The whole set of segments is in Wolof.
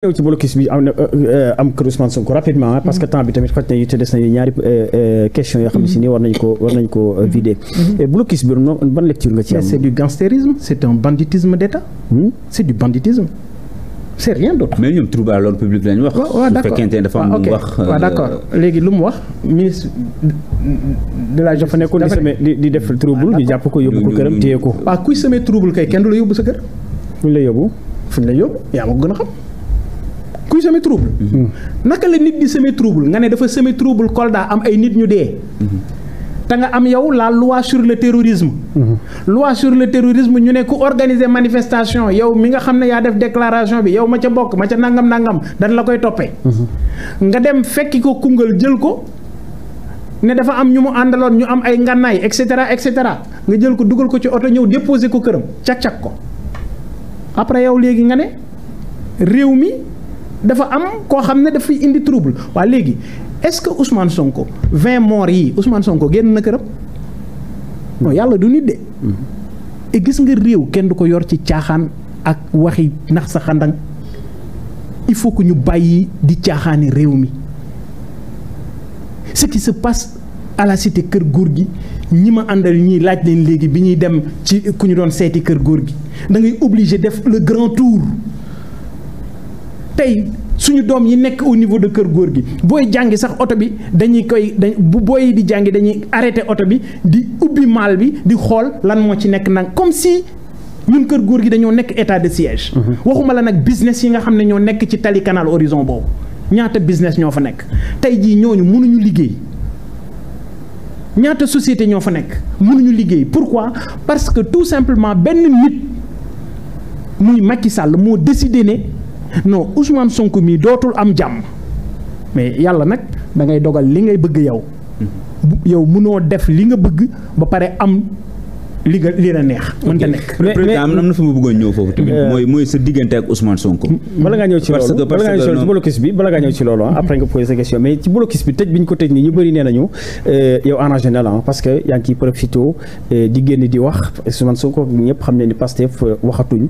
ñëw ci blocus bi am na euh, euh, am kër Ousmane que mm-hmm. temps bi tamit xoj na yi te des nañu ñaari euh, ne si nii mm-hmm. ko war ko vider mm-hmm. blocus bi noonu ban lecture nga ci am c'est du gangstérisme hmm? ñoom trouble à l'ordre public wax su fekkente ah, lu mu wax waaw léegi lu mu wax ministre de la dafa nekkoon di semé di def trouble ñu ah, jàpp ko yóbbu ko këram téye ko waaw ah, kuy semé trouble kay kenn du la yóbbu sa kër fuñ la yóbbu fuñ la yóbbu yaa ma ko gën a xam kuy semer trouble. Mm-hmm. naka la nit di semer trouble nga ne dafa semer trouble Kolda am ay nit ñu dee. Mm-hmm. te nga am yow la loi sur le terrorisme. Mm-hmm. loi sur le terrorisme ñu ne ku organiser manifestation yow mi nga xam ne yaa def déclaration bi yow ma ca bokk ma ca nangam nangam dañ la koy toppee. nga dem fekki ko kungal jël ko. ne dafa am ñu mu àndaloon ñu am ay ngànnaay et cetera et cetera nga jël ko dugal ko ci oto ñëw déposé ko këram cak-cak ko après yow léegi nga ne réew mi dafa am koo xam ne dafay indi trouble waa léegi est-ce que Ousmane Sonko 20 morts yi Ousmane Sonko génn na këram non yàlla du nit de. Mm-hmm. te nga réew kenn du ko yor ci caaxaan ak waxi nax sa xandang il faut que ñu bàyyi di caaxaani réew mi ce qui se passe à kër góor gi ñi ma àndal ñuy laaj leen léegi bi ñuy dem ci ku ñu doon seeti kër góor gi da ngay obligé def le grand tour. tey suñu doom yi nekk au niveau de kër góor gi booy jàngi sax oto bi dañuy koy dañ bu booy di jàngi dañuy arrêté oto bi di ubbi maal bi di xool lan moo ci nekk nag comme si ñun kër góor gi dañoo nekk état de siège. Mhm. waxuma la nag business yi nga xam ne ñoo nekk ci tali canal horizon boobu ñaata business ñoo fa nekk tey jii ñooñu mënuñu liggéey. ñaata société ñoo fa nekk mënuñu liggéey pourquoi parce que tout simplement benn nit muy Macky sàll moo décidé non Ousmane Sonko mii dootul am jàmm mais yàlla nag da ngay dogal li ngay bëgg yow. Mm-hmm. yow mënoo def li nga bëgg ba pare am. li nga la neex. mënta nekk mais mais am ma bëggoon ñëw foofu tamit. Euh, mooy mooy sa diggante ak Ousmane Sonko. bala ngaa ñëw ci loolu bala ngaa ñëw ci blocus bi bala ngaa ñëw ci loolu ah, après nga posé sa question mais ci blocus bi tëj bi ñu ko tëj nii euh, ah, que yaa ngi ciy profito euh, génn di wax Ousmane Sonko ñëpp xam ne ni Pastef waxatuñ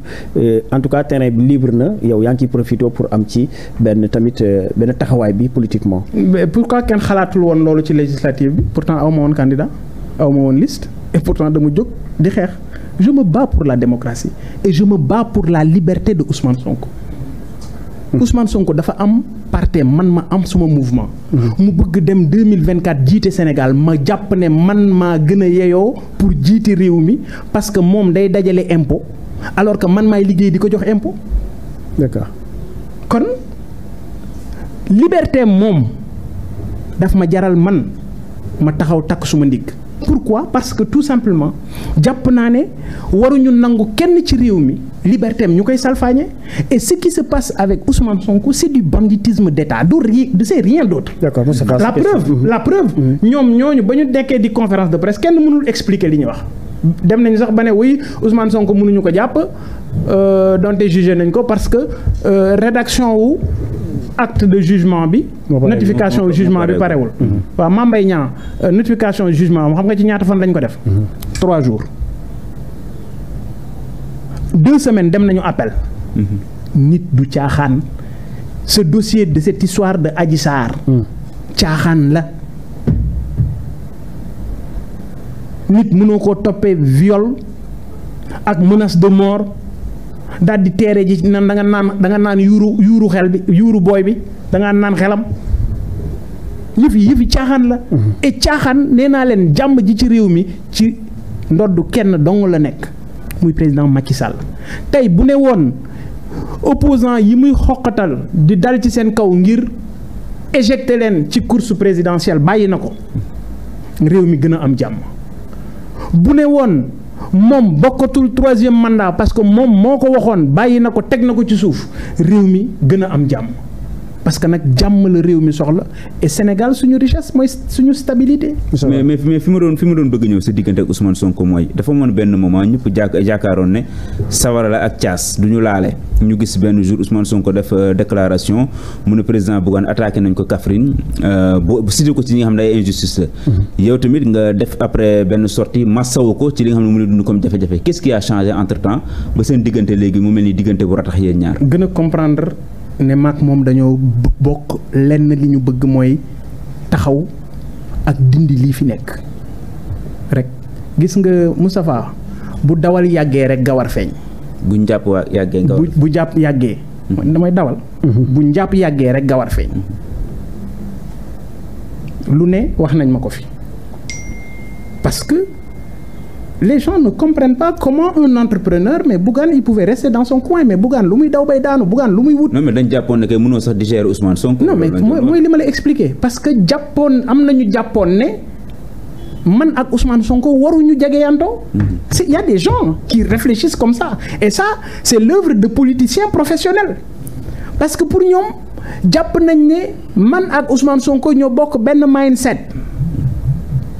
en tout cas terrain bi libre na yow yaa ngi ciy profito pour am ci benn tamit benn taxawaay bi politiquement. mais pourquoi xalaatul woon loolu ci législative bi pourtant aw ma woon candidat aw woon liste important pourtant dama jóg di xeex je me bats pour la démocratie et je me pour la liberté de Ousmane sonk hmm. Ousmane Sonko dafa am parti man ma am suma mouvement. Hmm. mu bëgg dem deux mille vingt quatre jiite senegal ma jàpp ne man maa gën a yeyoo pour jiite réew mi parce que moom day dajale impôt alors que man maay liggéey di ko jox impôt. d'accord kon liberté moom daf ma jaral man ma taxaw takk suma ndigg pourquoi parce que tout simplement jàpp naa ne waruñu nangu kenn ci réew mi liberté ñu koy salfaañe et ce qui se passe avec Ousmane Sonko c'est du banditisme d'État du ri c'est rien d'autre la preuve la mm-hmm. preuve ñoom ñooñu ba ñu dekkee di conférence de presse kenn mënul expliquer li ñu wax dem nañu sax ba ne oui Ousmane Sonko mënuñu ko jàpp euh, donte jugé nañ ko parce que euh, rédaction wu acte de jugement bi. notification jugement bi parewul. Mhm. waaw Mame Mbaye Niang euh, notification jugement xam nga ci ñaata fan lañ ko def. Mhm. trois jours de semaines dem nañu appel. Mhm. nit du caaxaan ce dossier de cette histoire de Adji Sarr. caaxaan la. nit mënoo koo toppee viol ak menace de mort. daal di teere ji nan danga nga naan da naan yuuru yuuru xel bi yuuru booy bi da naan xelam yëf yi yëf caaxaan la. Mhm. et caaxaan nee naa leen jàmm ji ci réew mi ci ndodd kenn dong la nekk muy président Macky Sall tey bu ne woon opposant yi muy xoqatal di dal ci seen kaw ngir éjecté leen ci course présidentielle bàyyi na ko réew mi gën a am jàmm bu ne woon. moom bokkatul troisième mandat parce que moom moo ko waxoon bàyyi na ko teg na ko ci suuf réew mi gën a am jàmm. parce que nag jàmm la réew mi soxla et Sénégal suñu richesse mooy suñu stabilité. mais mais mais fi ma doon fi ma doon bëgg ñëw sa diggante ak Ousmane Sonko mooy dafa moon benn moment ñëpp jàkk jàkkaaroon ne sawara ak caas du ñu laale ñu gis benn jour Ousmane ko def euh, déclaration mu ne président Bougane attaqué nañ ko Kaffrine euh, bu cité ko ci ñi nga xam ne ay injustice la. Mm-hmm. yow tamit nga def après benn sorti massawu ko ci li nga xam ne mu ngi dund comme jafe-jafe qu'est-ce qui a changé entre temps ba seen diggante léegi mu mel ni diggante bu ratax ñaar. gën a ne maak moom dañoo bokk lenn li ñu bëgg mooy taxaw ak dind lii fi nekk rek gis nga Moustapha bu dawal yàggee rek gawar feeñ. bu njàpp yàggee gawar bu bu jàpp yàggee. Mm-hmm. damay dawal. Mm-hmm. bu njàpp yàggee rek gawar feeñ. Mm-hmm. lu ne wax nañ ma ko fi parce les gens ne comprennent pas comment un entrepreneur mais Bougane il pouvait rester dans son coin mais Bougane lu muy daw bay daanu Bougane lu muy wut. non mais dañ jàppoon ne kay mënoo sax digérer Ousmane Sonko. non mais mooy li ma la expliquer parce jàppoon am na jàppoon ne man ak Ousmane Sonko waruñu jegeyantoo. Mhm. c' y a des gens qui réfléchissent comme ça et ça c' est l'œuvre de politiciens professionnels parce que pour ñoom jàpp nañ ne man ak Ousmane Sonko ñoo bokk benn mindset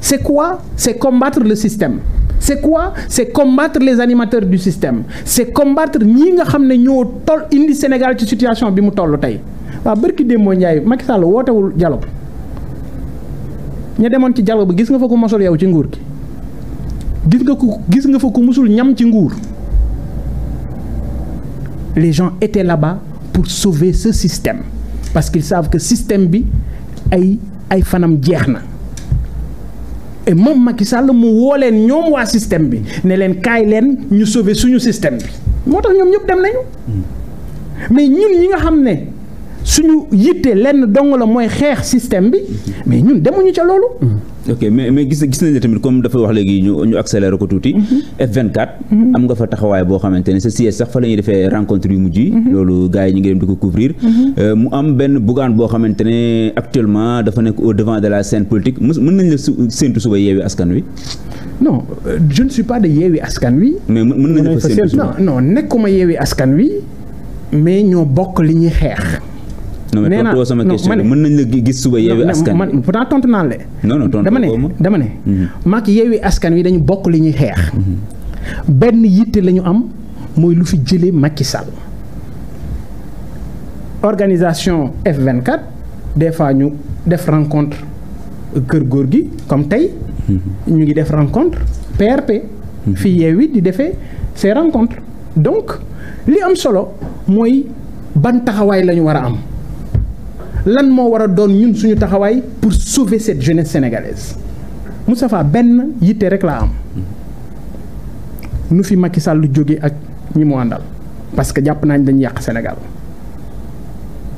c' est quoi c' est combattre le système. c'est quoi c'est combattre les animateurs du système c'est combattre ñii nga xam ne ñoo toll indi Sénégal ci situation bi mu toll tey waaw bërki démboo Ndiaye Macky Sall wootewul dialogue ña demoon ci dialogue bi gis nga fa ku mosul yow ci nguur gi gis nga ku gis nga fa ku mosul ñam ci nguur les gens étaient là-bas pour sauver ce système parce qu'ils savent que système bi ay ay fanam jeex na et moom Macky sàll mu woo leen ñoom waa système bi ne leen kaay leen ñu sauver suñu système bi moo tax ñoom ñëpp dem nañu mais ñun ñi nga xam ne. suñu yitte lenn dong la mooy xeex système bi mais ñun demuñu ca loolu. Mm-hmm. ok mais mais gis gis nañ ne tamit comme dafa wax léegi ñu ñu accéléré ko tuuti. Mm-hmm. F24. Mm-hmm. am nga fa taxawaay boo xamante ne sa siège sax fa la ñuy defee rencontre yu mujj yi. loolu gars yi ñu ngi dem di ko couvrir. Euh, mu am benn bugaan boo xamante ne actuellement dafa nekk au devant de la scène politique mën mën nañ la su séntu suba yeewi askan wi. non euh, je ne suis pas de yeewi askan wi. mais mën nañ la fa séntu non non nekkuma yeewi askan wi mais ñoo bokk li ñuy xeex. non mais tontu woo sama question mën nañ la gis suba yeewi askan wi man pourtant tontu naa la. non non tontu dama ne dama ne. Mhm. maak yeewi askan wi dañu bokk li ñuy xeex. Mhm. benn yitte la ñu am mooy lu fi jëlee Macky Sall. organisation F24 des fois ñu def rencontre kër góor gi comme tey. Mhm. ñu ngi def rencontre PRP. fii yeewi di defee ces rencontres donc li am solo mooy ban taxawaay lañu ñu war a am. lan moo war a doon ñun suñu taxawaay pour sauver cette jeunesse sénégalaise Moustapha benn yitte rek laa am nu fi Macky Sall lu jóge ak ñi mu àndal parce que jàpp naa ne dañuy yàq senegal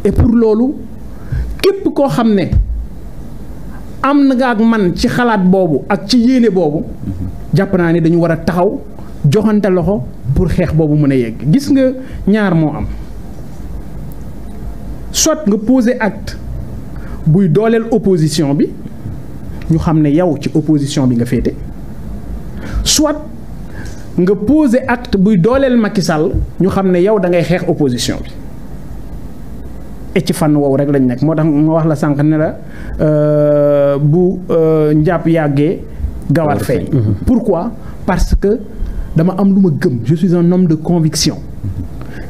et pour loolu képp koo xam ne am na nga ak man ci xalaat boobu ak ci yéene boobu jàpp naa ni dañu war a taxaw joxante loxo pour xeex boobu mën a yegg gis nga ñaar moo am. soit nga poser acte buy dooleel opposition bi ñu xam ne yow ci opposition bi nga féete soit nga poser acte buy dooleel Macky Sall ñu xam ne yow da ngay xeex opposition bi et ci fànn woowu rek lañ nekk moo tax ma wax la sànq ne la euh, bu euh, njàpp yàggee gawar fay mhm. pourquoi parce que dama am lu ma gëm je suis un de conviction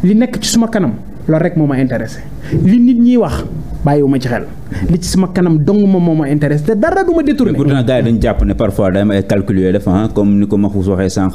li nekk ci suma kanam loolu rek moo ma intéressé li nit ñi wax bàyyi bàyyiwuma ci xel li ci sama kanam dong moom moo ma te dara du ma détourné. pourtant gars yi dañu jàpp ne parfois day am ay calcul def ah comme ni ko Mahfouz waxee sànq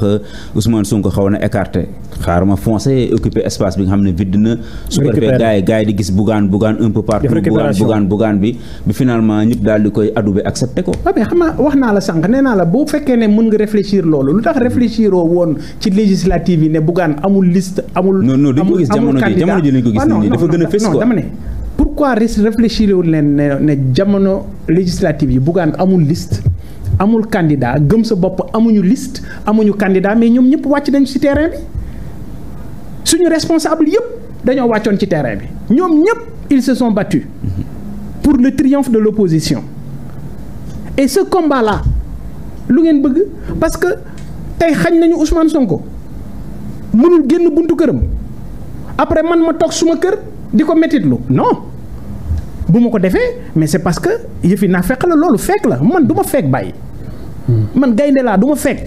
Ousmane Sonko xaw na écarté xaar ma foncé occupé espace bi nga xam ne vide na. su ko defee yi di gis bugaan bugaan un peu partout. bugaan bugaan bugaan bi bi finalement ñëpp daal di koy adoubé accepté ko. waaw ah, mais xam nga wax naa la sànq nee naa la boo fekkee ne mën nga réfléchir loolu lu tax réfléchir woon ci législative yi ne bugaan amul liste amul. amul amul candidat non non dañu ko gis a fës pourquoi réfléchir wul leen ne ne jamono législative yi Bougane amul liste amul candidat gëm sa bopp amuñu liste amuñu candidat mais ñoom ñëpp wàcc nañu ci terrain suñu responsable yëpp dañoo wàccoon ci terrain bi ñoom ñëpp ils se sont pour le triomphe de l'opposition et ce combat lu ngeen bëgg parce que tey xañ nañu Ousmane Sonko mënul génn buntu këram après man ma toog suma kër di ko mettitlu non bu ma ko defee mais c'est parce que yëfi naa fekk la loolu fekk la man du ma fekk bàyyi. man gaynde laa du ma fekk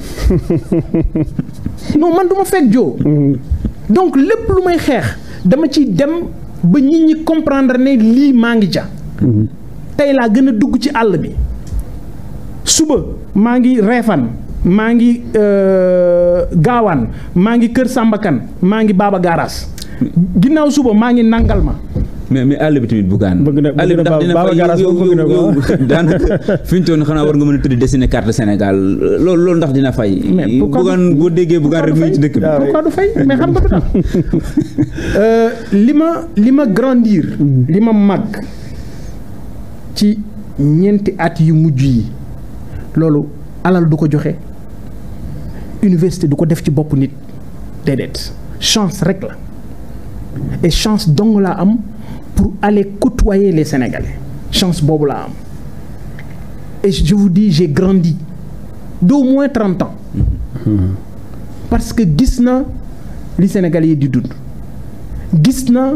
non man duma ma fekk donc lépp lu may xeex dama ci dem ba nit ñi comprendre ne lii maa ngi ja. tey laa gën a dugg ci àll bi suba maa ngi reefan maa ngi euh, gaawaan maa ngi Kër Sambakan maa ngi Baba Garaas ginnaaw suba maa ngi nangal ma mais mais àll bi tamit bugaan. bëgg na bëgg na Baba Garaas moom bëgg na ko daanaka fi ñu toon xanaa war nga mën a tudd dessiner carte Sénégal loolu loolu ndax dina fay. mais bugaan boo déggee bugaan rek muy ci dëkk bi. Ah pourquoi fay euh, li ma li ma grandir. li ma màgg ci ñeenti at yu mujj yi loolu alal du ko joxe université du ko def ci bopp nit déedéet chance rek la et chance dong laa am. pour aller côtoyer les Sénégalais chance boobu laa am et je vous dis j'ai grandi d'au moins parce que gis na li Sénégalais yi di dund gis na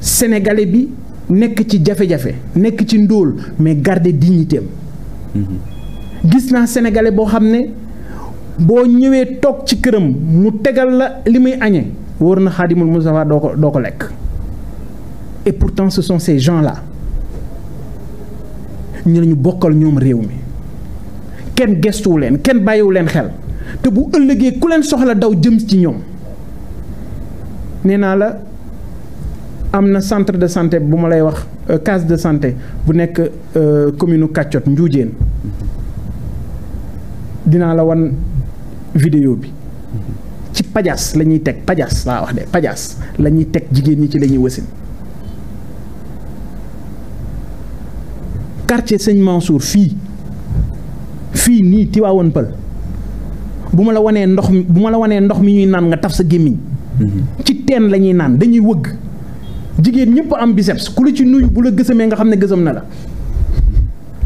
Sénégalais bi nekk ci jafe-jafe nekk ci ndóol mais garder di am gis naa Sénégalais boo xam ne boo ñëwee toog ci këram mu tegal la li muy añee wóor na Xaadimul Mustafa doo doo ko lekk et pourtant ce sont ces gens-là ñu lañu bokkal ñoom réew mi kenn gestuwu leen kenn bàyyiwu leen xel te bu ëllëgee ku leen soxla daw jëm ci ñoom nee naa la am na centre de santé bu ma lay wax euh, case de santé bu nekk euh, commune u Kàccot Njuujeen dinaa la wan vidéo bi ci pajas la ñuy teg pajas laa wax de pajas la ñuy teg jigéen ñi ci lañuy ñuy wasin quartier sëñ Mansour fii fii nii Tiwaawoon Pël bu ma la wanee ndox mi bu ma la wanee ndox mi ñuy naan nga taf sa gémmiñ mhm. ci teen la ñuy naan dañuy wëgg jigéen ñëpp am biceps ku la ci nuyu bu la gësëmee nga xam ne gësam na la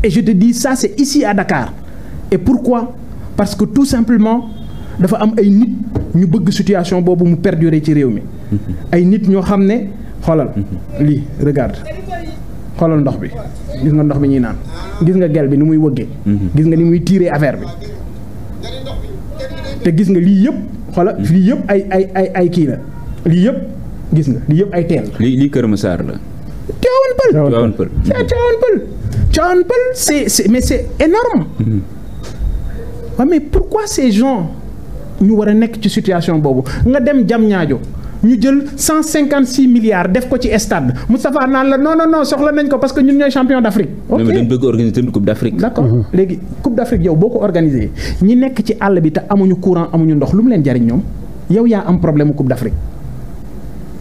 et je te dis ça c'est ici à Dakar et pourquoi parce que tout simplement dafa am ay nit ñu bëgg situation boobu mu perdurer ci réew mi mhm. ay nit ñoo xam ne xoolal mhm. lii regarde xolol ndox bi gis nga ndox bi ñuy naan gis nga gel bi ni muy wëggee mhm. gis nga ni muy tiiree affaire bi te gis nga lii yëpp xoola mhm. lii yëpp ay ay ay ay kii la lii yëpp gis nga lii yëpp ay teel la lii Kër Massar la Tivaouane Peulh Tivaouane Peulh Tivaouane Peulh c'est c'est mais c'est énorme waaw mhm. mais pourquoi ces gens ñu war a nekk ci situation boobu nga dem jam ñaajo ñu jël cent cinquante six milliards def ko ci stade Moustapha naan la non non non soxla nañ ko parce que ñun ñooy champion d' Afrique. ok dañ bëgg organiser coupe d' Afrique. d' accord léegi coupe d' Afrique yow boo ko organisé ñi nekk ci àll bi te amuñu courant amuñu ndox lu mu leen jariñ ñoom yow yaa am problème mu coupe